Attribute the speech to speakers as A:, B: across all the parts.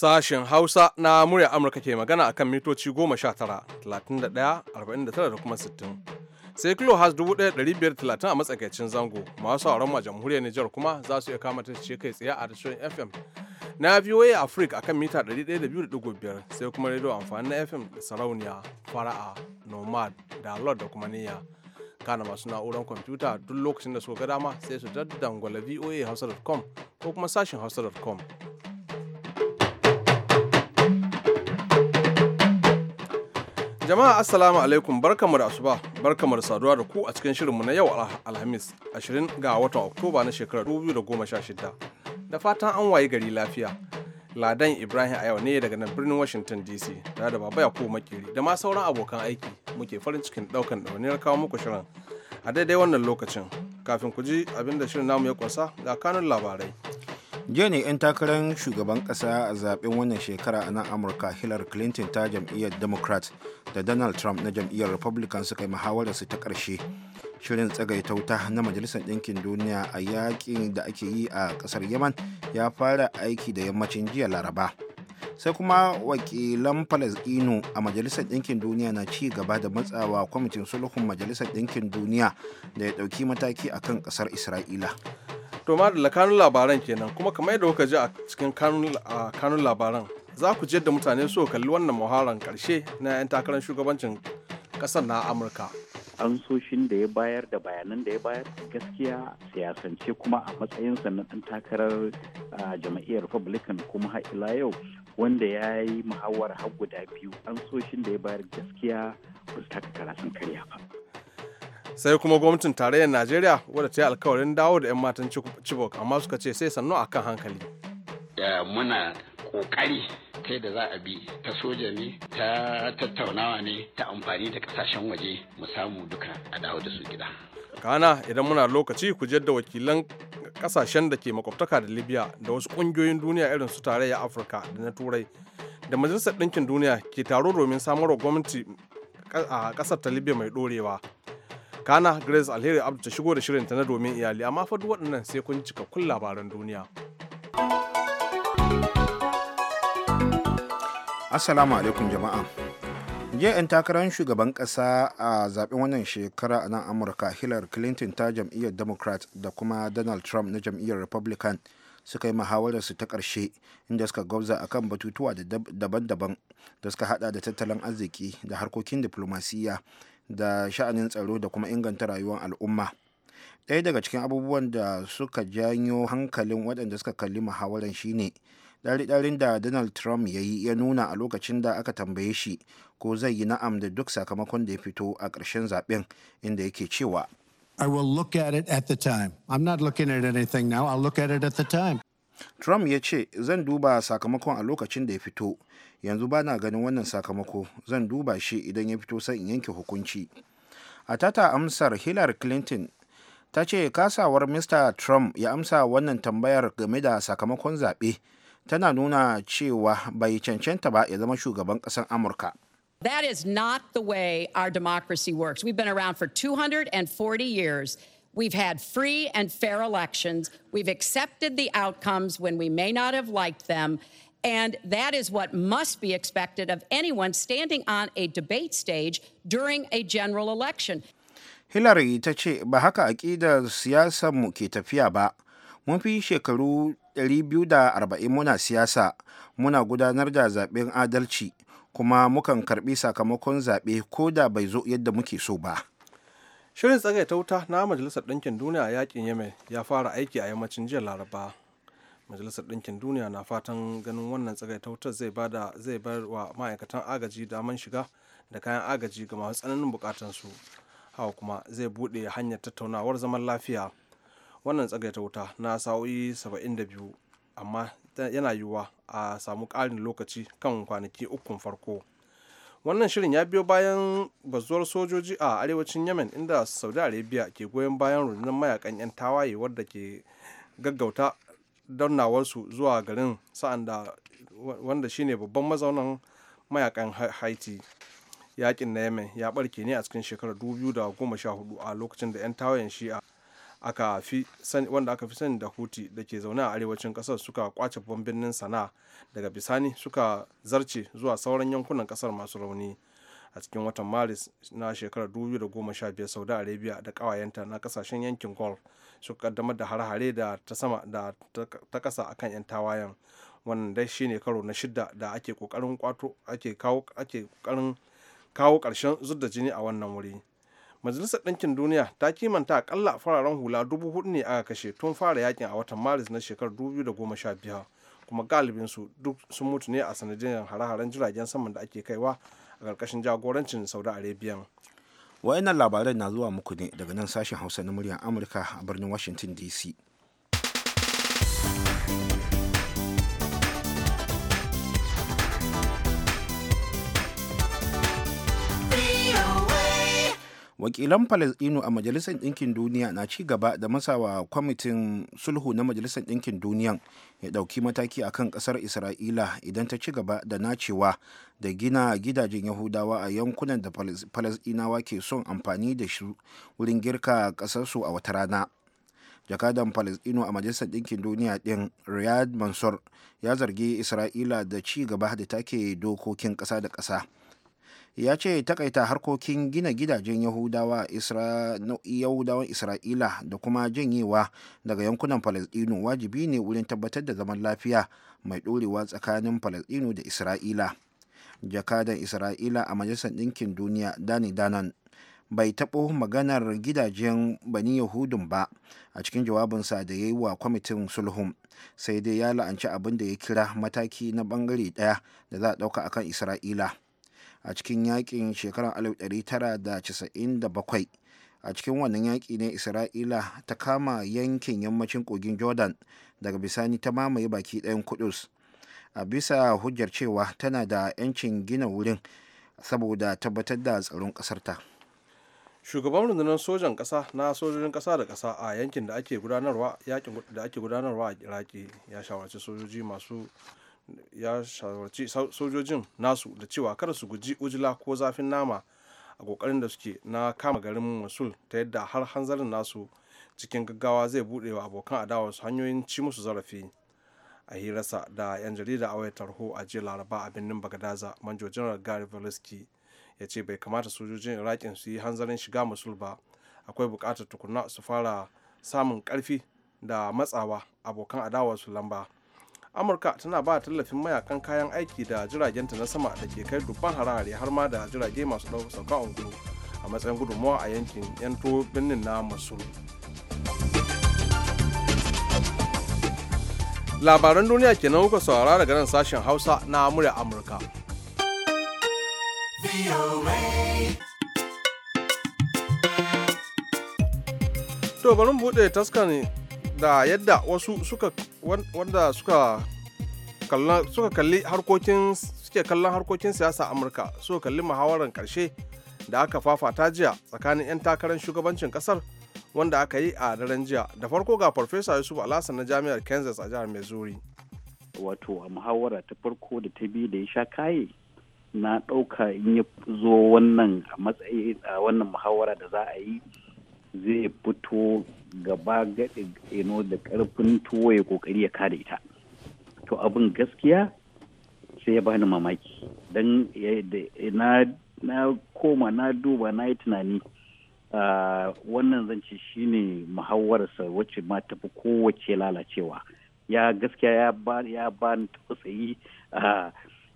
A: Sashen Hausa na murya Amurka ke magana a kan mitoci 19, 31, 49 da kuma 60. Sai kilo has 1530 a matsakaicin zango masu sauran ma jamhuriyar Nijar kuma za su iya kama ce kai tsaye a tashoshin FM. Na VOA Africa akan mita 102.5 sai kuma rediyo amfani na FM da sarauniya, fara'a, nomad, dalot da kuma niyya. kana masu na'urar kwamfuta duk lokacin da suka ga dama sai su daddangwala voa hausa.com ko kuma sashen hausa.com. Jama'a Assalamu alaikum barkamu da asuba barkamu da saduwa da ku a cikin shirinmu na yau Alhamis 20 ga watan Oktoba na shekarar 2016 da fatan an wayi gari lafiya. Ladan Ibrahim a yau ne daga nan birnin Washington DC da da baba ya makiri da ma sauran abokan aiki muke farin cikin daukan ɗauniyar kawo muku shirin a daidai wannan lokacin kafin ku ji abin da shirin namu ya kwasa ga kanun labarai.
B: jiya ne 'yan takarar shugaban kasa a zaben wannan shekara a nan amurka hillary clinton ta jam'iyyar democrat da donald trump na jam'iyyar republican suka yi su ta karshe shirin tsagaitauta na majalisar ɗinkin duniya a yakin da ake yi a ƙasar yaman ya fara aiki da yammacin jiya laraba sai kuma wakilan falasɗinu a majalisar ɗinkin duniya na ci gaba da matsawa kwamitin sulhun majalisar ɗinkin duniya da ya ɗauki mataki akan ƙasar isra'ila
A: To da kanun labaran kenan kuma kamar yadda kuka ji a cikin kanun labaran za ku je da mutane su kalli wannan muharan karshe na 'yan takarar shugabancin kasar na Amurka. ansoshin da ya bayar da bayanan da ya bayar gaskiya siyasance kuma a matsayin na ɗan takarar
C: jama'iyyar republican kuma har ila yau wanda ya yi muhawar har guda biyu
A: ansoshin da ya bayar
C: gaskiya ba
A: su taka karasin karya ba. sai kuma gwamnatin tarayyar najeriya wadda ta yi alkawarin dawo da 'yan matan chibok amma suka ce sai sannu a kan hankali
D: muna kokari kai da za a bi ta soja ne ta tattaunawa ne ta amfani da kasashen waje mu samu duka a dawo da su gida
A: kana idan muna lokaci ku da wakilan kasashen da ke makwabtaka da libya da wasu kungiyoyin duniya irin su tarayya afirka da na turai da majalisar ɗinkin duniya ke taro domin samarwa gwamnati a ƙasar ta libya mai ɗorewa kana grace alheri abdu ta shigo da shirinta na domin iyali amma fa duk waɗannan sai kun cikakkun labaran duniya
B: assalamu alaikum jama'a jiya 'yan takarar shugaban kasa a zaɓen wannan shekara a nan amurka hillary clinton ta jam'iyyar democrat da kuma donald trump na jam'iyyar republican suka yi su ta ƙarshe inda suka a kan batutuwa daban-daban da suka haɗa da tattalin arziki da harkokin diflomasiyya da sha'anin tsaro da kuma inganta rayuwar al'umma ɗaya daga cikin abubuwan da suka janyo hankalin waɗanda suka kalli muhawaran shine ɗari-ɗarin da donald trump ya yi ya nuna a lokacin da aka tambaye shi ko zai yi na'am da duk sakamakon da ya fito a ƙarshen zaben inda yake cewa
E: I will look at it at the time.
B: I'm not looking at anything now. I'll look at it at the time. Trump ya ce, Zan duba sakamakon a lokacin da ya fito, yanzu ba na ganin wannan sakamako zan duba shi idan ya fito sai in yanke hukunci a tata amsar hillary clinton ta ce kasawar mr trump ya amsa wannan tambayar game da sakamakon zaɓe tana nuna cewa bai cancanta ba ya zama shugaban ƙasar amurka
F: That is not the way our democracy works. We've been around for 240 years. We've had free and fair elections. We've accepted the outcomes when we may not have liked them. And that is what must be expected of anyone standing on a debate stage during a general election.
B: Hillary ta ce ba haka aƙidar siyasarmu ke tafiya ba. Mun fi shekaru 240 muna siyasa, muna gudanar da zaɓen adalci, kuma mukan karɓi sakamakon zaɓe ko da bai zo yadda muke so ba.
A: Shirin tsagaita wuta na Majalisar Ɗinkin Duniya a yaƙin Yemen ya fara aiki a yammacin jiya Laraba. majalisar ɗinkin duniya na fatan ganin wannan tsagaita wutar zai bada zai bar wa ma'aikatan agaji daman shiga da kayan agaji ga masu tsananin bukatansu hawa kuma zai buɗe hanyar tattaunawar zaman lafiya wannan tsagaita wuta na sa'o'i 72 amma yana yiwuwa a samu ƙarin lokaci kan kwanaki ukun farko wannan shirin ya biyo bayan bazuwar sojoji a arewacin yemen inda saudi arabia ke goyon bayan rundunar mayakan 'yan tawaye wadda ke gaggauta dannawarsu zuwa garin sa'an da wanda shine babban mazaunan mayakan haiti yakin na yemen ya barke ne a cikin shekarar 2014 a lokacin da 'yan tawayen shi'a aka fi wanda aka fi sani da huti da ke zaune a arewacin kasar suka kwace babban birnin sana'a daga bisani suka zarce zuwa sauran yankunan kasar masu rauni a cikin watan maris na shekarar 2015 saudi arabia da kawayenta na kasashen yankin golf su kaddamar da hare-hare da ta sama da ta kasa akan 'yan tawayen wannan dai shine karo na shidda da ake kokarin kwato ake kawo ake kokarin kawo karshen jini a wannan wuri majalisar ɗinkin duniya ta kimanta akalla fararen hula dubu hudu ne aka kashe tun fara yakin a watan maris na shekarar biyar kuma galibinsu duk sun mutu ne a sanadiyar hare-haren jiragen saman da ake kaiwa a ƙarƙashin jagorancin saudi arabia wayannan labarai na zuwa muku ne daga nan
B: sashen hausa na muryar amurka a birnin washington dc wakilan falasɗinu a majalisar ɗinkin duniya na ci gaba da masawa kwamitin sulhu na majalisar ɗinkin duniya ya ɗauki mataki akan ƙasar isra'ila idan ta ci gaba da nacewa da gina gidajen yahudawa a yankunan da falasɗinawa ke son amfani da shi wurin girka ƙasarsu a wata rana jakadan palestino a majalisar ɗinkin duniya ɗin riyad mansur ya zargi isra'ila da ci gaba da take dokokin ƙasa da ƙasa ya ce takaita harkokin gina gidajen yahudawan isra'ila da kuma janyewa daga yankunan falasdino wajibi ne wurin tabbatar da zaman lafiya mai ɗorewa tsakanin falasdino da isra'ila jakadan isra'ila a majalisar ɗinkin duniya dani danan bai taɓo maganar gidajen bani yahudun ba a cikin jawabinsa da ya yi wa kwamitin sulhun sai dai ya la'anci abin da ya kira mataki na bangare ɗaya da za a ɗauka akan isra'ila a cikin yakin shekarar 1997 a cikin wannan yaki ne isra'ila ta kama yankin yammacin kogin jordan daga bisani ta mamaye baki ɗayan kudus a bisa hujjar cewa tana da 'yancin gina wurin saboda tabbatar da tsaron ƙasarta
A: shugaban rundunar sojan ƙasa na sojojin ƙasa da ƙasa a yankin gudanarwa da ake gudanarwa a iraki ya shawarci sojoji masu ya shawarci sojojin nasu da cewa kada su guji ujila ko zafin nama a kokarin da suke na kama garin musul ta yadda har hanzarin nasu cikin gaggawa zai buɗewa wa abokan adawa su hanyoyin ci musu zarafi a hirarsa da 'yan jarida a wayar tarho a jiya laraba a birnin bagadaza manjo janar gary velasky ya ce bai kamata sojojin iraƙin su yi hanzarin shiga musul ba akwai buƙatar tukuna su fara samun karfi da matsawa abokan adawa su lamba amurka tana ba tallafin mayakan kayan aiki da jiragenta na sama da ke kai dubban harare har ma da jirage masu dauka sauka ungulu a matsayin gudunmawa a yankin 'yan yanto birnin na masul labaran duniya kenan kuka saurara daga nan sashen hausa na murya amurka to bari mu buɗe taskar da yadda wasu suka wanda suka suka kalli harkokin suke kallon harkokin siyasa amurka suka kalli muhawarar karshe da aka fafata jiya tsakanin 'yan takarar shugabancin kasar wanda aka yi a daren jiya da farko ga farfesa yusuf alhassan na jami'ar kansas a jihar missouri wato a muhawara ta farko da ta biyu da ya sha kaye na ɗauka
C: in ya zo wannan a matsayi a wannan muhawara da za a yi zai fito gaba gaɗe ino da karfin tuwo ya kokari ya kare ita to abin gaskiya sai ya bani mamaki don na koma na duba na yi tunani wannan zance shine muhawararsa wacce ma tafi kowace lalacewa ya gaskiya ya ba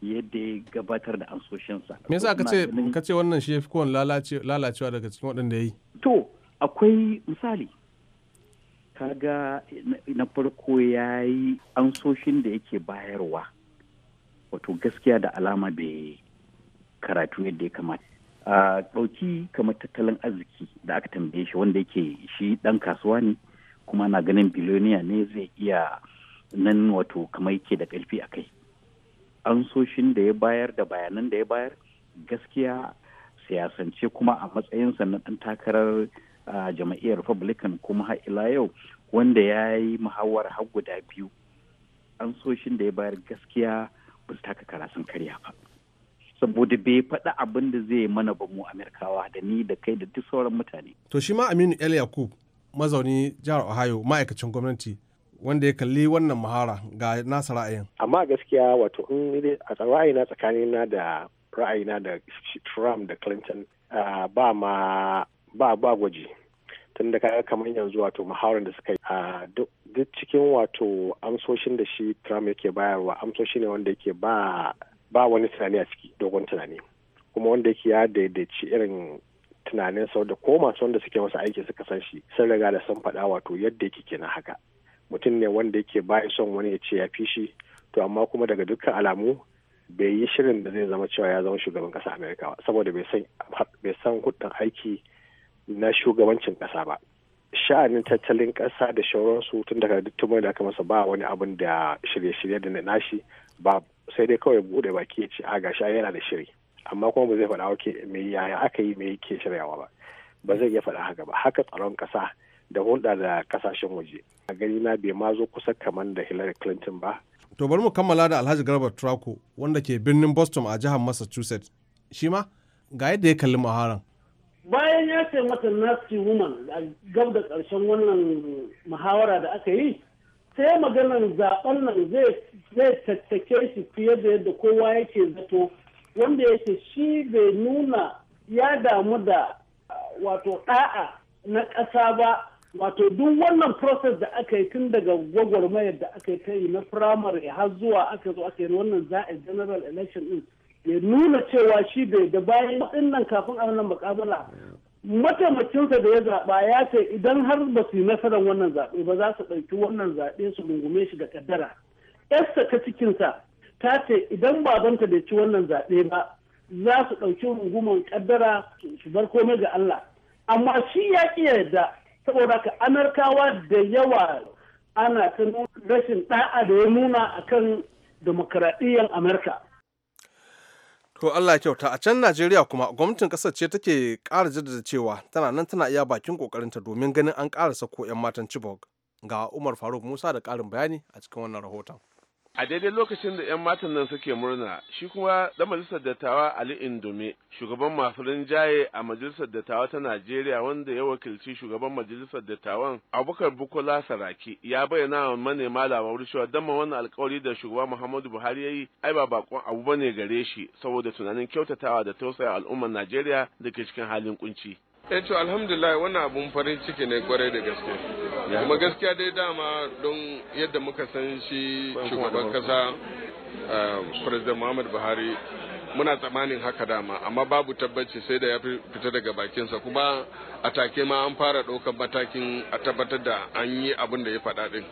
C: yadda ya gabatar da ansoshinsa me yasa
A: ka ce wannan shi ya fi kowane lalacewa daga cikin waɗanda ya yi to akwai misali
C: kaga na farko ya yi ansoshin da yake bayarwa wato gaskiya da alama bai karatu yadda ya kamata a ɗauki kamar tattalin arziki da aka tambaye shi wanda yake shi ɗan kasuwa ne kuma na ganin biloniya ne zai iya nan wato kamar yake da ƙarfi a kai ansoshin da ya bayar da bayanan da ya bayar gaskiya siyasance kuma a matsayinsa na ɗan takarar a jam'iyyar republican kuma har ila yau wanda ya yi muhawar har guda biyu an so shin da ya bayar gaskiya ba su taka kara sun karya ba saboda bai faɗa abin da zai mana ba mu amerikawa da ni da kai da duk sauran mutane
A: to shi ma aminu el yakub mazauni jihar ohio ma'aikacin gwamnati wanda ya kalli wannan muhara ga nasa ra'ayin
E: amma gaskiya wato in a ra'ayina tsakanina da ra'ayina da trump da clinton ba ma ba ba gwaji tun da kaga kamar yanzu wato muhawarar da suka yi a duk cikin wato amsoshin da shi Trump yake bayarwa amsoshi ne wanda yake ba ba wani tunani a ciki dogon tunani kuma wanda yake ya daidaici irin tunanin sau da ko masu wanda suke masa aiki suka san shi sun riga da sun faɗa wato yadda yake kenan haka mutum ne wanda yake ba son wani ya ce ya fi shi to amma kuma daga dukkan alamu bai yi shirin da zai zama cewa ya zama shugaban ƙasa amerika saboda bai san hudun aiki na shugabancin ƙasa ba sha'anin tattalin ƙasa da shauransu tun daga duk da aka masa ba wani abin da shirye-shirye da na nashi ba sai dai kawai bude baki ya ce a sha yana da shiri amma kuma ba zai faɗa wake me yaya aka yi me yake shiryawa ba ba zai iya faɗa haka ba haka tsaron ƙasa da hulɗa da ƙasashen waje a gani na bai ma zo kusa kamar da Hillary Clinton ba
A: to bari mu kammala da Alhaji Garba Trako wanda ke birnin Boston a jihar Massachusetts shi ma ga yadda ya kalli muharan
G: bayan ya ce mata nasty woman a gab da ƙarshen wannan muhawara da aka yi sai maganar zaben nan zai tattake shi fiye da yadda kowa yake zato wanda yake shi bai nuna ya damu da wato ɗa'a na ƙasa ba wato duk wannan process da aka yi tun daga gwagwarmayar da aka yi ta yi na firamare har zuwa aka zo aka yi wannan za'a general election din ya nuna cewa shi bai da bayan waɗannan kafin a wannan mukabala mataimakinsa da ya zaɓa ya ce idan har ba su yi nasarar wannan zaɓe ba za su ɗauki wannan zaɓe su rungume shi da kaddara yarsa ta cikinsa ta ce idan babanta bai ci wannan zaɓe ba za su ɗauki rungumar kaddara su bar komai ga Allah amma shi ya ƙi yarda saboda ka anarkawa da yawa ana ta rashin ɗa'a da ya nuna akan demokaradiyyar Amurka.
A: To Allah ya kyauta a can Najeriya kuma gwamnatin kasar ce take ƙara jaddada cewa tana nan tana iya bakin ƙoƙarinta domin ganin an ƙara sako 'yan matan Chibok. Ga Umar Faruk Musa da ƙarin bayani a cikin wannan rahoton.
H: a daidai lokacin da 'yan matan nan suke murna shi kuma da majalisar dattawa ali indume shugaban masu rinjaye a majalisar dattawa ta najeriya wanda ya wakilci shugaban majalisar dattawan abubakar bukola saraki ya bayyana wa manema labaru cewa dama wannan alkawari da shugaba muhammadu buhari ya yi ai ba bakon abu bane gare shi saboda tunanin kyautatawa da tausaya al'ummar najeriya da ke cikin halin kunci
I: e to alhamdulillah wannan abun farin ciki ne kwarai da gaske kuma gaskiya dai dama don yadda muka san shi shugaban kasa eh, president muhammad buhari muna tsammanin haka dama amma babu tabbaci sai da ya fita daga bakinsa kuma a take ma an fara ɗaukar matakin a tabbatar da an yi abin da ya faɗa ɗin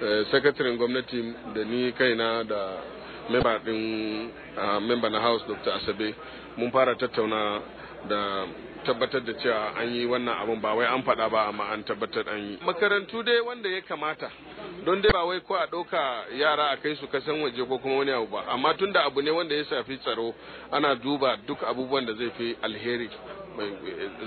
I: eh, sakataren gwamnati da ni kaina da memba ah, na house dr asabe mun fara tattauna da tabbatar da cewa an yi wannan abun ba wai an faɗa ba amma an tabbatar an yi makarantu dai wanda ya kamata don dai ba wai ko a ɗauka yara a kai su kasan waje ko kuma wani abu ba amma tunda abu ne wanda ya shafi tsaro ana duba duk abubuwan da zai fi alheri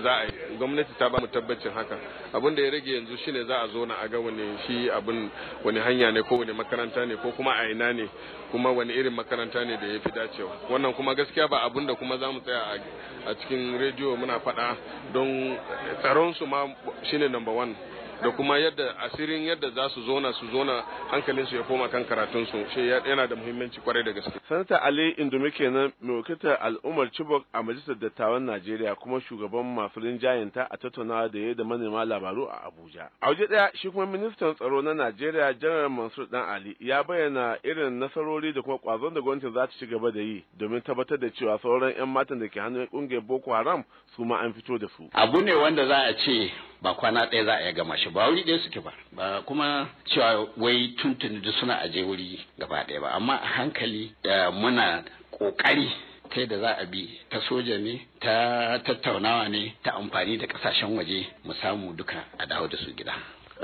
I: za a gwamnati ta ba mu tabbacin haka abin da ya rage yanzu shine za a zo na aga wani shi abin wani hanya ne ko wani makaranta ne ko kuma a ina ne kuma wani irin makaranta ne da ya fi dacewa wannan kuma gaskiya ba abin da kuma za mu tsaya a cikin rediyo muna faɗa don tsaron su ma shine number one da kuma yadda asirin yadda za su zona su zona hankalin su ya koma kan karatun su shi yana da muhimmanci kwarai da gaske sanata ali indumi kenan mai al'ummar chibok
H: a majalisar dattawan najeriya kuma shugaban masu rinjayenta a tattaunawa da ya da manema labaru a abuja a waje daya shi kuma ministan tsaro na najeriya janar mansur dan ali ya bayyana irin nasarori da kuma kwazon da gwamnati za ta ci gaba da yi domin tabbatar da cewa sauran 'yan matan da ke hannun kungiyar boko haram su ma an fito da su abu ne wanda
D: za a ce ba kwana ɗaya za a iya gama shi ba wuri ɗaya suke ba ba kuma cewa wai tuntuni duk suna aje wuri gaba ɗaya ba amma a hankali da eh, muna ƙoƙari ta da za a bi ta soja ne ta tattaunawa ne ta amfani da ƙasashen waje mu samu duka a dawo da su gida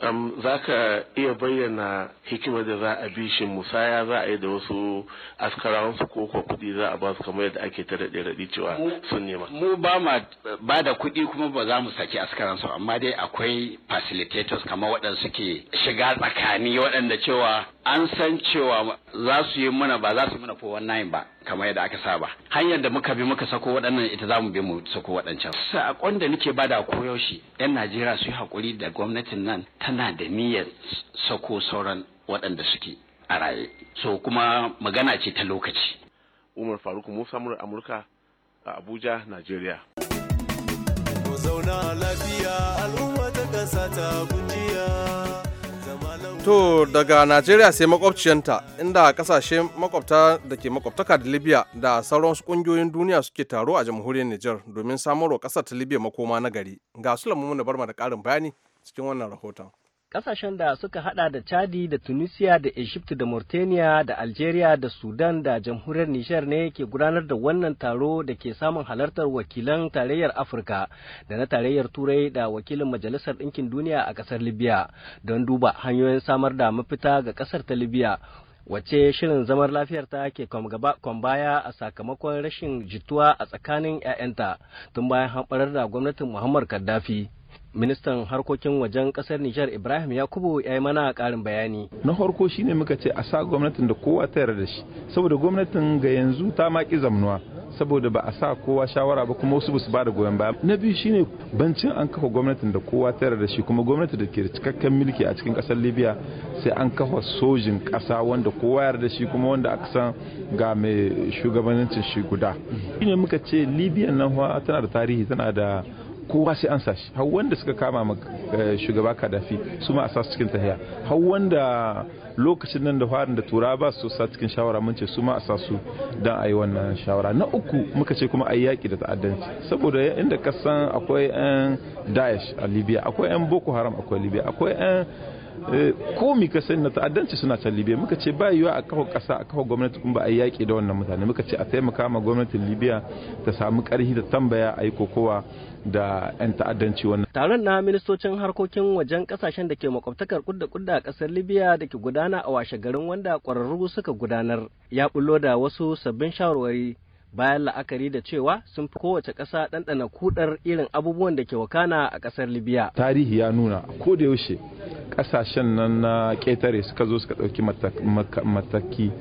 H: um, za ka iya bayyana hikimar da za a bi shi musaya za a yi da wasu askarawansu ko kwa kuɗi za a ba su kamar yadda ake ta daɗe raɗi cewa
D: sun nema. Mu ba ma ba da kuɗi kuma ba za mu saki askaransu amma dai akwai facilitators kamar waɗanda suke shiga tsakani waɗanda cewa an san cewa za su yi mana ba za su mana fo nayin ba kamar yadda aka saba hanyar da muka bi muka sako waɗannan ita za mu bi mu sako waɗancan sakon da nake bada koyaushe yan najeriya su yi haƙuri da gwamnatin nan tana da niyyar sako sauran waɗanda suke a raye so kuma magana ce ta lokaci umar faruk musa mura amurka a
H: abuja najeriya
D: zauna lafiya al'umma ta kasa
H: ta
A: to daga najeriya sai makwabciyanta inda kasashe makwabta da ke makwabtaka da libya da sauran wasu kungiyoyin duniya suke taro a jamhuriyar niger domin samarwa kasar ta libya makoma na gari ga sulamu na barma da karin bayani cikin wannan rahoton
J: kasashen da suka hada da Chadi da Tunisia da Egypt da Mauritania da Algeria da Sudan da jamhuriyar Nijar ne ke gudanar da wannan taro da ke samun halartar wakilan tarayyar Afirka da na tarayyar Turai da wakilin Majalisar Ɗinkin Duniya a ƙasar Libya don duba hanyoyin samar da mafita ga ƙasar ta Libya wace shirin zamar lafiyar ta ke baya a sakamakon rashin jituwa a tsakanin 'ya'yanta tun bayan hamɓarar da gwamnatin Muhammad kaddafi. ministan harkokin wajen kasar Nijar Ibrahim Yakubu ya yi mana karin bayani.
K: Na shi shine muka ce a sa gwamnatin da kowa ta yarda shi saboda gwamnatin ga yanzu ta maki zamnuwa saboda ba a sa kowa shawara ba kuma wasu basu ba da goyon baya. Na biyu shine bancin an kafa gwamnatin da kowa ta yarda shi kuma gwamnati da ke da cikakken mulki a cikin kasar Libya sai an kafa sojin kasa wanda kowa yarda shi kuma wanda aka san ga mai shugabancin shi guda. Shine muka ce Libya nan tana da tarihi tana da kowa sai an sashi har wanda suka kama eh, shugaba kadafi su ma a sa cikin tahiya har wanda lokacin nan da farin da tura ba su sa cikin shawara mun ce su ma a sa su dan ayi wannan shawara na uku muka ce kuma ayi yaki da ta'addanci saboda inda kasan akwai yan daesh a libya akwai yan boko haram akwai libya akwai yan Eh, komi ka sani na ta'addanci suna can libya muka ce ba yiwa a kawo kasa a kawo gwamnati kuma ba a yaƙi da wannan mutane muka ce a taimaka ma gwamnatin libya ta samu ƙarfi da tambaya a yi kokowa da 'yan ta'addanci wannan taron na ministocin harkokin
J: wajen kasashen da ke makwabtakar kudda kudda a kasar libya da ke gudana a washe garin wanda kwararru suka gudanar ya bullo da wasu sabbin shawarwari bayan la'akari da cewa sun fi kowace ƙasa ɗanɗana kudar irin abubuwan da ke wakana a ƙasar libya
K: tarihi ya nuna ko da yaushe ƙasashen nan na ƙetare suka zo suka ɗauki mataki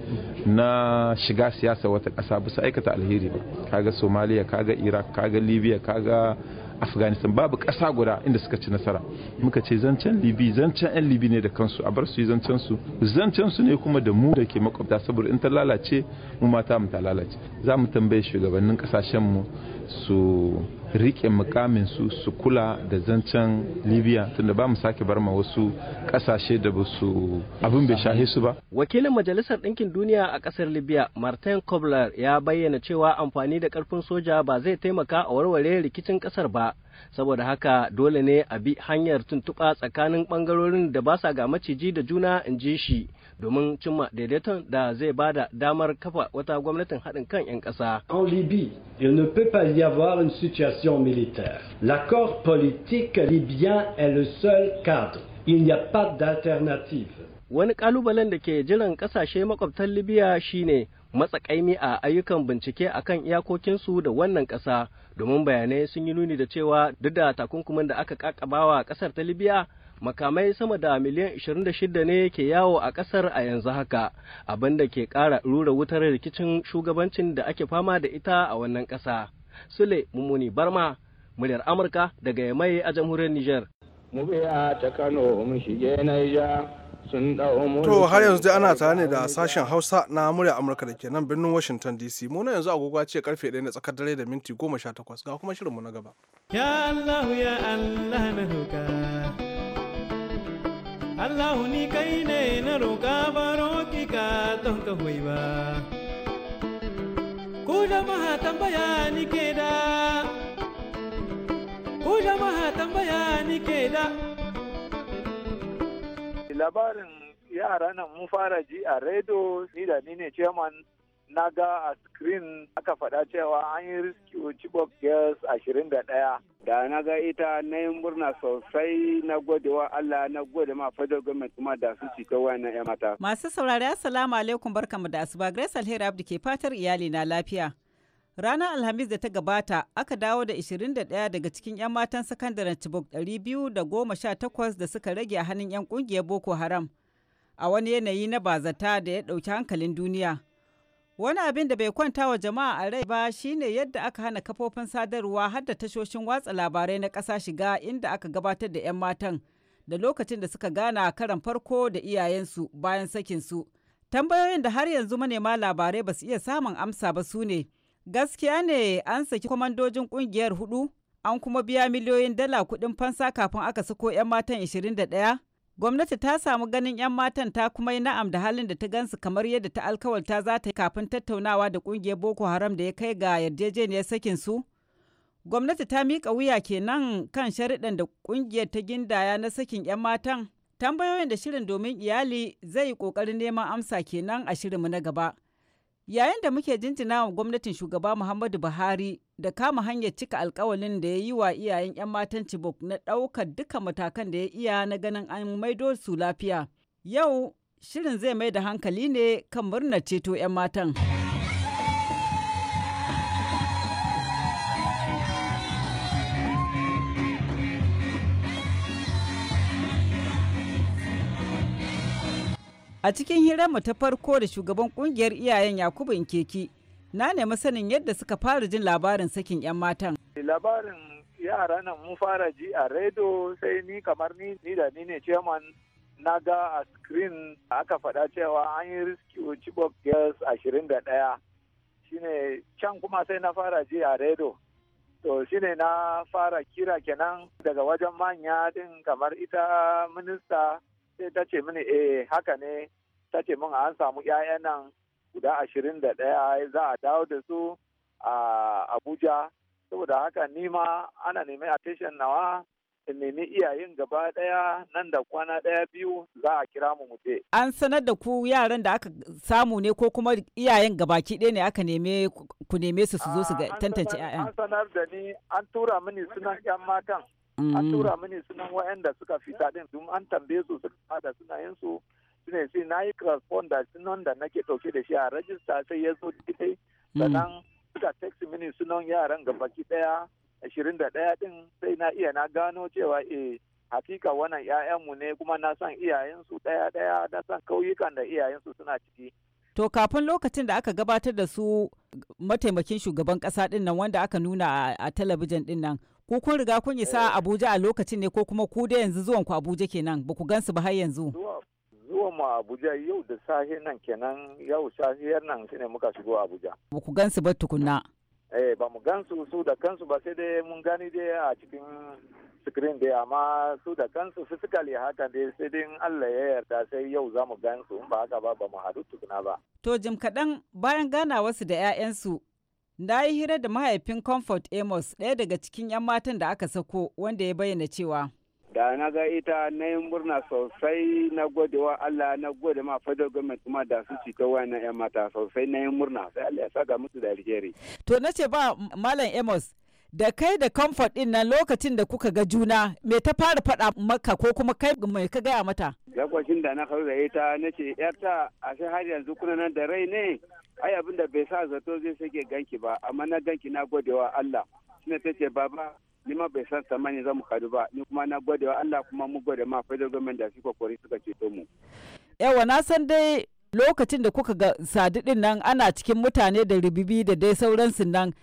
K: na shiga siyasa wata ƙasa bisa aikata alheri ba kaga somaliya kaga iraq kaga libya kaga afghanistan babu ƙasa guda inda suka ci nasara muka ce zancen libi zancen 'yan libi ne da kansu a bar su yi zancen su zancen su ne kuma da mu da ke makwabta saboda in ta lalace mu mata mu ta lalace za mu tambaye shugabannin kasashen mu su rike mukamin su su kula da zancen libya tunda ba mu sake bar ma wasu kasashe da su abin bai shahe su ba
J: wakilin majalisar ɗinkin duniya a ƙasar libya martin kobler ya bayyana cewa amfani da karfin soja ba zai taimaka a warware rikicin ƙasar ba saboda haka dole ne a bi hanyar tuntuɓa tsakanin ɓangarorin da ba sa ga maciji da juna in ji shi domin cimma daidaiton da zai ba da damar kafa wata gwamnatin haɗin kan 'yan ƙasa. En Libye, il ne peut pas y avoir une situation militaire. L'accord politique libyen est le seul cadre. Il n'y a pas d'alternative. Wani ƙalubalen da ke jiran ƙasashe makwabtan Libya shine matsakaimi a ayyukan bincike akan iyakokinsu da wannan ƙasa domin bayanai sun yi nuni da cewa duk da takunkumin da aka kakabawa ƙasar ta Libya makamai sama da miliyan 26 ne ke yawo a kasar a yanzu haka abin da ke kara rura wutar rikicin shugabancin da ake fama da ita a wannan kasa sule mummuni barma muryar amurka daga yamai a jamhuriyar
A: niger ta kano mu to har yanzu dai ana tare ne da sashen hausa na murya amurka da ke nan birnin washington dc muna yanzu agogo ce karfe 1 na tsakar dare da minti 18 ga kuma shirinmu na gaba ya allah ya allah na huka Allah ni kai ne na roƙa baro ki ka
J: don ka hoyi ba. Ku jama'a tambaya ni ke da, ku jama'a tambaya ni ke da.
G: Labarin
L: yara nan mun fara ji a redo
M: ni da ni ne chairman na ga a screen aka faɗa cewa an yi rescue Chibok girls ashirin Da da na ga ita na yi murna sosai na gode wa Allah na gode ma federal government kuma da su ta wayan 'yan mata.
F: Masu saurari assalamu alaikum barkamu da asuba Grace Alheri Abdi ke fatar iyali na lafiya. Ranar Alhamis da ta gabata aka dawo da 21 daga cikin 'yan matan sakandaren Chibok 218 da suka rage a hannun 'yan kungiyar Boko Haram a wani yanayi na bazata da ya ɗauki hankalin duniya. Wani abin da bai kwanta wa jama'a a rai ba shine yadda aka hana kafofin sadarwa har da tashoshin watsa labarai na ƙasa shiga inda aka gabatar da 'yan matan da lokacin da suka gana karan farko da iyayensu bayan sakinsu. Tambayoyin da har yanzu manema labarai ba su iya samun amsa ba su ne. Gaskiya ne an saki kwamandojin ƙungiyar hudu, an kuma biya miliyoyin dala kuɗin fansa kafin aka sako 'yan matan 21. Gwamnati ta samu ganin 'yan matan ta kuma yi na'am da halin da ta gansu kamar yadda ta alkawalta za ta yi kafin tattaunawa da kungiyar Boko Haram da ya kai ga yarjejeniyar sakin su. Gwamnati ta miƙa wuya kenan kan sharuɗan da kungiyar ta gindaya na sakin 'yan matan. Tambayoyin da shirin domin iyali zai yi ƙoƙarin neman amsa kenan a shirinmu na gaba. Yayin da muke jinjina wa gwamnatin shugaba Muhammadu Buhari da kama hanyar cika alkawalin da ya yi wa iyayen 'yan matan Chibok na ɗaukar duka matakan da ya iya na ganin an maido su lafiya. Yau shirin zai mai da hankali ne kan murnar ceto 'yan matan. A cikin hirarmu ta farko da shugaban kungiyar iyayen Yakubu Nkeki, na nemi sanin yadda suka fara jin labarin sakin 'yan matan. Labarin
L: yara nan mun fara ji a redo sai ni kamar ni ni da ni ne chairman na ga a screen aka faɗa cewa an yi rescue chibok girls ashirin da ɗaya shine can kuma sai na fara ji a redo to shine na fara kira kenan daga wajen manya din kamar ita minista sai ta ce mini eh haka ne ta ce min an samu 'ya'yan nan guda ashirin da ɗaya za a dawo da su a abuja saboda haka ni ma ana a attention nawa in nemi iyayen gaba ɗaya nan da kwana ɗaya biyu za a kira mu mute.
F: An sanar da ku yaran da aka samu ne ko kuma iyayen gabaki ɗaya ne aka neme ku neme su su zo su tantance 'ya'yan. An
L: sanar da ni an tura mini sunan 'yan matan.
F: an mm. tura
L: mini sunan wa'anda suka fita din sun an tambaye su suka bada sunayen su sune sai na yi correspond da sunan da nake ɗauke da shi a rajista sai ya zo dai mm. sannan suka text mini sunan yaran gabaki daya ashirin da ɗaya din sai na iya na gano cewa e hakika wannan mu ne kuma na san iyayensu ɗaya ɗaya na san kauyukan da iyayensu suna ciki.
F: To kafin lokacin da aka gabatar da su mataimakin shugaban ƙasa ɗin nan wanda aka nuna a, talabijin ɗin nan ku kun riga kun isa a eh. Abuja a lokacin ne ko kuma ku da yanzu zuwan ku Abuja kenan ba ku gansu ba har yanzu
L: zuwa mu Abuja yau da safe nan kenan yau safiyar nan shine muka shigo Abuja
F: ba ku gansu ba tukunna
L: eh ba mu gansu su da kansu ba sai dai mun gani dai a cikin screen dai amma su da kansu physically haka dai sai dai Allah ya yarda sai yau za mu gansu in ba haka ba ba mu haɗu tukuna ba.
F: To jim kaɗan bayan ganawarsu da 'ya'yansu Na yi hira da mahaifin Comfort Amos ɗaya daga cikin 'yan matan da aka sako wanda ya bayyana cewa.
M: Da na ga ita na yi murna sosai na gode wa Allah na gode ma federal government kuma da su ci ta wayannan 'yan mata sosai na yi murna sai Allah ya sa ga mutu da alheri.
F: To na ce ba Malam Amos da kai da comfort ɗin nan lokacin da kuka ga juna me ta fara faɗa maka ko kuma kai mai ka gaya mata
M: lokacin da na kawo da ita na ce yarta a shi har yanzu kuna nan da rai ne ai abin da bai sa zato zai sake ganki ba amma na ganki na godewa Allah shine ta ce baba ni ma bai san tsammani za mu kadu ba ni kuma na godewa Allah kuma mu gode ma federal government da su kokori suka ceto mu
F: yawa na san dai lokacin da kuka ga sadu din nan ana cikin mutane da ribibi da dai sauransu nan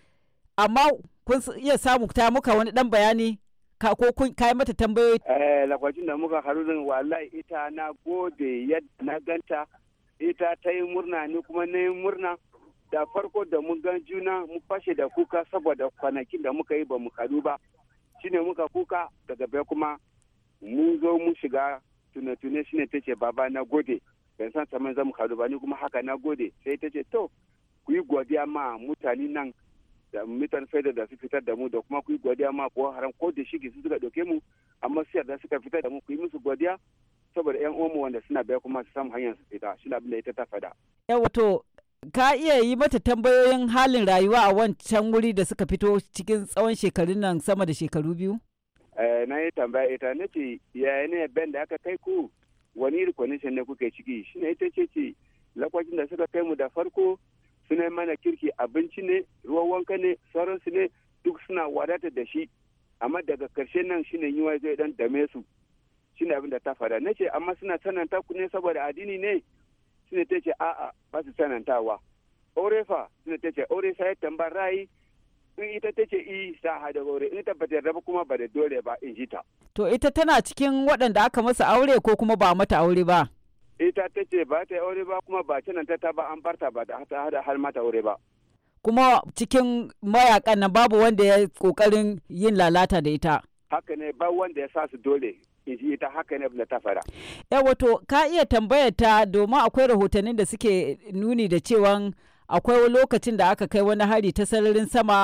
F: amma kun iya samu ta muka wani dan bayani ka ko kun kai mata tambayoyi eh lakwacin da muka haru din wallahi ita na gode yadda na ganta ita ta yi murna
M: ni kuma na yi murna da farko da mun gan juna mu fashe da kuka saboda kwanakin da muka yi ba mu kadu ba shine muka kuka daga bai kuma mun zo mu shiga tunatune shine ta ce baba na gode ban san za mu kadu ba ni kuma haka na gode sai ta ce to ku yi godiya ma mutane nan da mitan faida da su fitar da mu da kuma kuyi godiya ma ko haram ko da shige su suka ɗauke mu amma siyar da suka fitar da mu kuyi musu godiya saboda yan uwanmu wanda suna baya kuma su samu hanyar su fita shi abin da ita ta fada.
F: yawa to ka iya yi mata tambayoyin halin rayuwa a wancan wuri da suka fito cikin tsawon shekarun nan sama da shekaru biyu.
M: Eh, na yi tambaya ita na ce yaya ne ben da aka kai ku wani irin ne kuke ciki shi ne ita ce ce lokacin da suka kai mu da farko suna mana kirki abinci ne ruwan wanka ne sauransu ne duk suna wadata da shi amma daga karshe nan shine yiwa zai dan dame su shine abin da ta fada nace amma suna sananta ku ne saboda addini ne suna ta ce a'a ba su sanantawa aure fa suna ta ce aure sai tamba rai in ita ta ce i sa hada aure in ta bata kuma ba da dole ba in ji ta
F: to ita tana cikin waɗanda aka masa aure ko kuma ba mata aure ba
M: ita ta ce ba ta aure ba kuma ba kinan ta ba an barta ba ta hada har mata aure ba
F: kuma cikin mayakan nan babu wanda ya kokarin yin lalata da ita
M: haka ne ba wanda ya sa su dole in ji ita haka ne da ta fara e
F: eh, wato ka iya tambayar ta domin akwai rahotannin da suke nuni da cewa akwai lokacin da aka kai wani hari ta sararin sama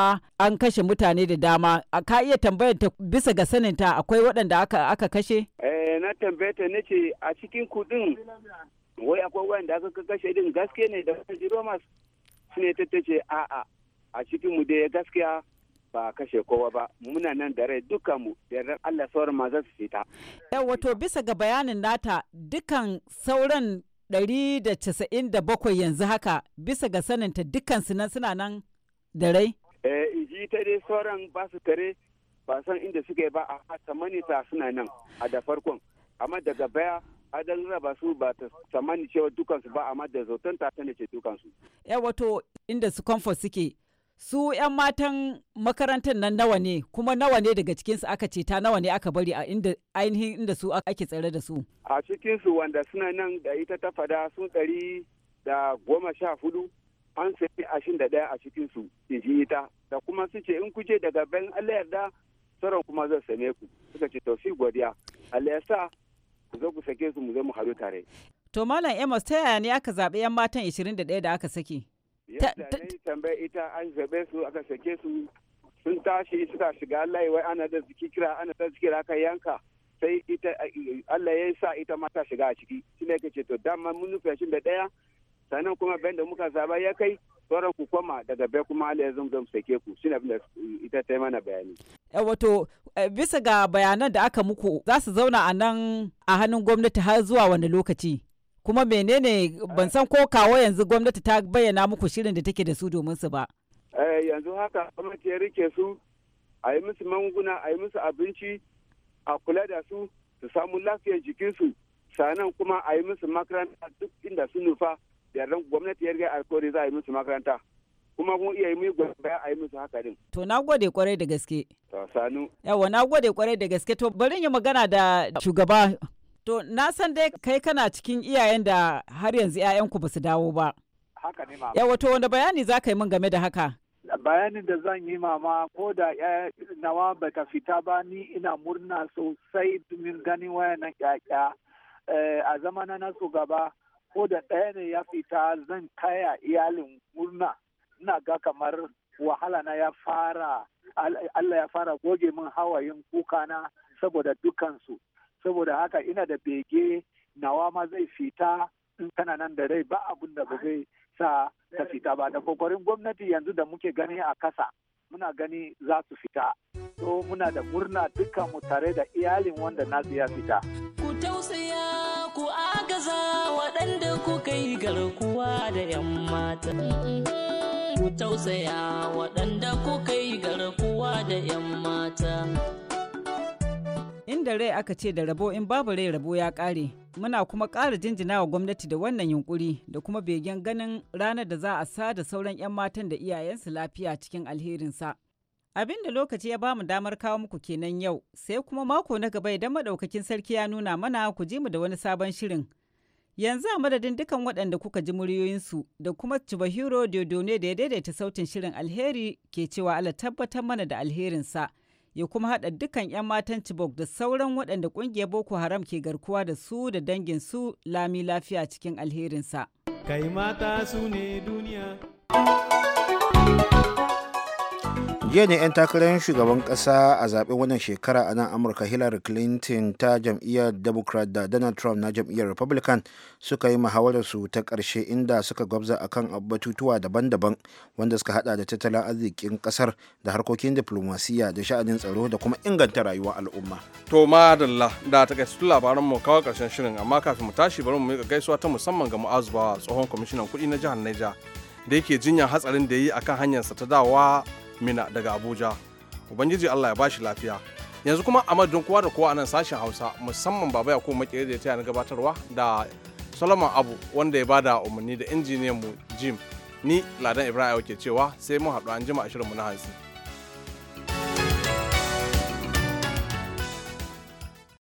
F: an kashe mutane da dama ka iya tambayar ta bisa ga saninta akwai waɗanda aka, aka kashe eh
M: na tambaye ta ce a cikin kudin wai akwai waɗanda aka kashe din gaske ne da wani romas ne ta tace a'a a cikin mu dai gaskiya ba a kashe kowa ba muna nan da rai duka mu da Allah sauran ma za su fita.
F: Yau wato bisa ga bayanin nata dukan sauran 197 yanzu haka bisa ga saninta dukkansu nan suna nan da rai?
M: Eh, ji ta dai sauran ba su tare ba san inda suke ba a ta suna nan a da farkon amma daga baya adan raba su ba ta samani cewa dukansu ba amma da zautan ta ne ce dukansu.
F: Ya eh, wato inda su comfort suke su 'yan matan makarantar nan nawa ne kuma nawa ne daga cikinsu aka ce ta nawa ne aka bari a inda ainihin inda su ake tsare da su
M: a cikinsu wanda suna nan da ita ta fada sun ɗari da goma sha hudu an sai ashirin da ɗaya a cikinsu in ji ita da kuma su ce in kuje daga ben allah yarda sauran kuma zan same ku suka ce tausi godiya allah ya sa ku zo ku sake su mu zo mu haɗu tare
F: to malam amos ta yaya ne aka zaɓi 'yan matan 21 da aka sake yadda
M: na yi ita an zaɓe su aka sake su sun tashi suka shiga Allah wai ana da zikira ana da zikira yanka sai ita Allah ya sa ita ma ta shiga a ciki ne ka ce to dama mun nufi shi da daya sannan kuma bayan da muka zaba ya kai sauran ku koma daga bai kuma Allah ya zama sake ku shi ne ita ta yi mana bayani
F: eh, wato eh, bisa ga bayanan da aka muku za su zauna a nan a hannun gwamnati har zuwa wani lokaci kuma menene ban san ko kawo yanzu gwamnati ta bayyana muku shirin da take da su domin su ba
M: eh yanzu haka gwamnati ya rike su a yi musu manguna a yi musu abinci a kula da su su samu lafiyar jikinsu sannan kuma a yi musu makaranta duk inda su nufa da yardan gwamnati ya rike alkawari za a yi musu makaranta kuma kun iya yi mu gwamnati a yi musu haka din.
F: To na gode kwarai da gaske. To sanu. Yawa na gode kwarai da gaske to bari yi magana da shugaba To, na san dai kai kana cikin iyayen da har yanzu 'ya'yanku ba su dawo ba.
L: Haka ne mama.
F: to wanda bayani za ka yi min game da haka?
L: Bayanin da zan yi mama ko da nawa ba ka fita ba ni ina murna sosai domin ganin wayanan ƴaƴa. Eh, a zamana na su gaba ko da ɗaya ne ya fita zan kaya iyalin murna. Ina ga kamar wahala na ya fara
K: Allah
L: ya fara goge min hawayen kuka na saboda dukansu saboda haka ina da bege nawa ma zai fita in kana nan da rai ba abun da ba zai sa ta fita ba da kokarin gwamnati yanzu da muke gani a kasa muna gani za su fita to muna da murna dukkan mu tare da iyalin wanda na ya fita
F: ku tausaya ku agaza
B: waɗanda ku kai garkuwa da 'yan mata ku tausaya waɗanda ku kai garkuwa
F: da 'yan mata inda rai aka ce da rabo in babu rai rabo ya kare Muna kuma kara jinjina wa gwamnati da wannan yunkuri da kuma begen ganin ranar da za a sa da sauran 'yan matan da iyayensu lafiya cikin alherinsa. Abin da lokaci ya bamu damar kawo muku kenan yau, sai kuma mako na gaba idan madaukakin sarki ya nuna mana ku ji mu da wani sabon shirin. Yanzu a madadin dukan waɗanda kuka ji muryoyinsu da kuma Chibahiro Dodone da ya daidaita sautin shirin alheri ke cewa Allah tabbatar mana da alherinsa. sa. ya kuma haɗa dukkan 'yan matan Chibok da sauran waɗanda ƙungiyar Boko Haram ke garkuwa da su da dangin su lami lafiya cikin alherinsa. Kai mata
B: su ne duniya. jiya ne 'yan takarar shugaban kasa a zaben wannan shekara a nan amurka hillary clinton ta jam'iyyar democrat da donald trump na jam'iyyar republican suka yi su ta karshe inda suka gwabza akan batutuwa daban-daban wanda suka hada da tattalin arzikin kasar da harkokin diplomasiya da sha'anin tsaro da kuma inganta rayuwar al'umma
A: to madalla da ta takaitattun labaran mu kawo karshen shirin amma kafin mu tashi bari mu miƙa gaisuwa ta musamman ga mu'azu ba tsohon kwamishinan kuɗi na jihar niger da yake jinyar hatsarin da ya yi akan hanyarsa ta dawa mina daga abuja ubangiji allah ya ba shi lafiya yanzu kuma a madadin kowa da kowa a nan sashen hausa musamman baba ya kuma makere da ya taya na gabatarwa da solomon abu wanda ya ba da umarni da injiniyan mu jim ni ladan ibrahim ke cewa sai mun haɗu an jima a shirin mu na hantsi